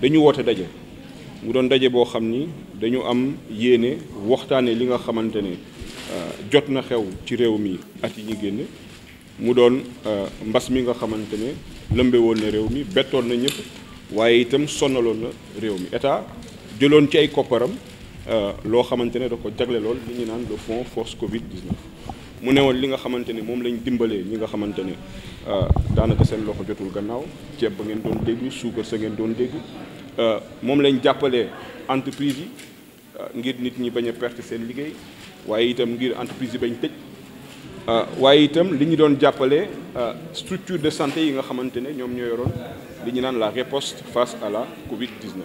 dañu woote daje mu doon daje boo xam ni dañu am yéene waxtaane li nga xamante ne euh, jot na xew ci réew mi at yi ñu génne mu doon euh, mbas mi nga xamante ne lëmbe na réew mi bettoon na ñëpp waaye itam sonaloon na réew mi état jëloon ci ay kopparam Euh, lo xamantene da ko jagle lol ni ñi naan le fond force Covid 19 mu ne li nga xamantene mom moom lañ dimbalee ñi nga xamante ne euh, daanaka seen loxo jotul gannaaw ci ba ngeen doon dégg suukar sa ngeen doon dégg euh, mom lañ jappalé entreprise yi ngir nit ñi baña perte seen liggéey waye itam ngir entreprise yi bañ euh waye itam li doon euh structure de santé yi nga xamantene ñom ñoom ñoo li la réponse face à la Covid 19.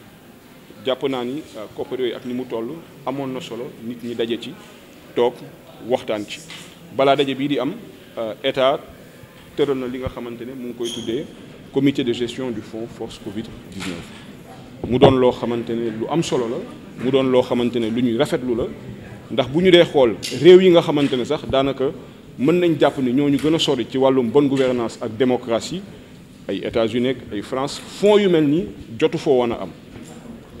jàpp coopérer ni euh, koppar yooyu ak ni mu tollu amoon na solo nit ñi dajé ci tok waxtaan ci bala dajé bi di am euh, état tëral na li nga xamante mu koy comité de gestion du fonds force Covid 19. mu don lo xamante lu am solo la mu don lo xamante lu ñuy rafetlu la ndax buñu dé xol réew yi nga xamante sax daanaka mën nañ japp ni ñoñu gëna sori ci walum bonne gouvernance ak démocratie ay États-Unis ay France fonds yu mel nii jotu fo woon am.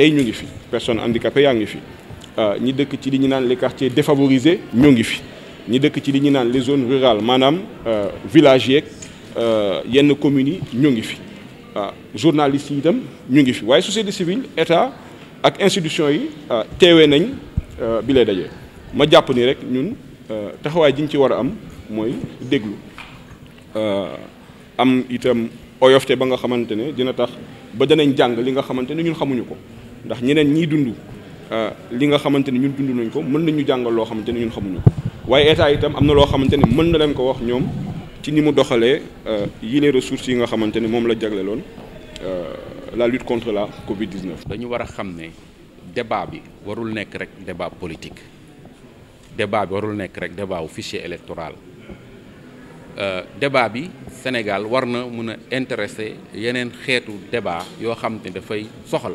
tey ñu ngi fi personne handicapées ya ngi fi euh ñi dëkk ci li ñu naan les quartiers défavorisés ñu ngi fi ñi dëkk ci li ñu naan les zones rurales manam maanaam euh, villages euh yenn communes ñu ngi fi euh, journalistes yi itam ñu ngi fi waaye société civile état ak institution yi euh, téwé nañ euh bi lay dajé ma japp ni rek ñun taxawaay ji ñu ci wara a am mooy déglu am itam oyofte ba nga xamante dina tax ba danañ jàng li nga xamante ne ñun xamuñu ko ndax ñeneen ñii dund euh, li nga xamante ne ñun dund nañ ko mën nañu jàngal loo xamante ne ñun xamuñu ko waaye état itam am na loo xamante ne mën na leen ko wax ñoom ci ni mu doxalee euh, yile resource yi nga xamante ne moom la jagleloon euh, la lutte contre la Covid 19. dañu war a xam ne débat bi warul nekk rek débat politique débat bi warul nekk rek débat wu fichier électoral débat bi Sénégal war na mun a intéresser yeneen xeetu débat yoo xam ne dafay soxal.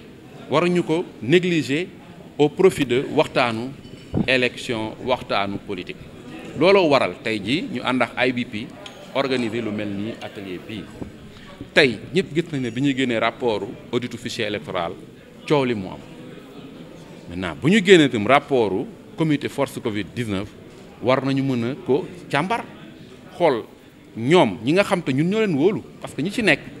waruñu ko négliger au profit de waxtaanu élection waxtaanu politique lolo waral tey jii ñu ànd ak IBP organiser lu melni atelier bi tay ñepp gis nañ ne bi ñuy rapport audit officiel électoral ciowli mo am maintenant buñu ñu génnee rapport comité force Covid 19 war nañu mëna ko càmbar xol ñom ñi nga xam te ñun ñoleen wolu parce que ñi ci nekk.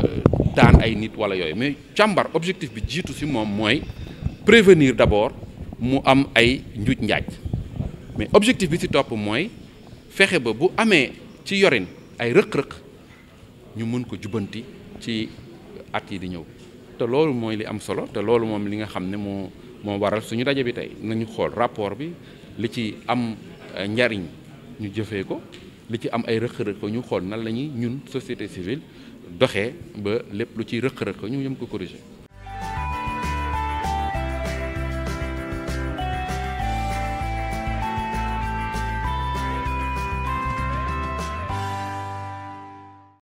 daan ay nit wala yooyu mais càmbar objectif bi jiitu si moom mooy prévenir d'abord mu am ay njuuj njaaj mais objectif bi ci topp mooy fexe ba bu amee ci yorin ay rëq-rëq ñu mën ko jubanti ci at yi di ñëw te loolu mooy li am solo te loolu moom li nga xam ne moo moo waral suñu daje bi tey nañu xool rapport bi li ci am euh, njariñ ñu jëfee ko li ci am ay rëq-rëq ñu xool nan la ñuy ñun société civile doxee ba lépp lu ciy rëq-rëq ñu yëm ko corriger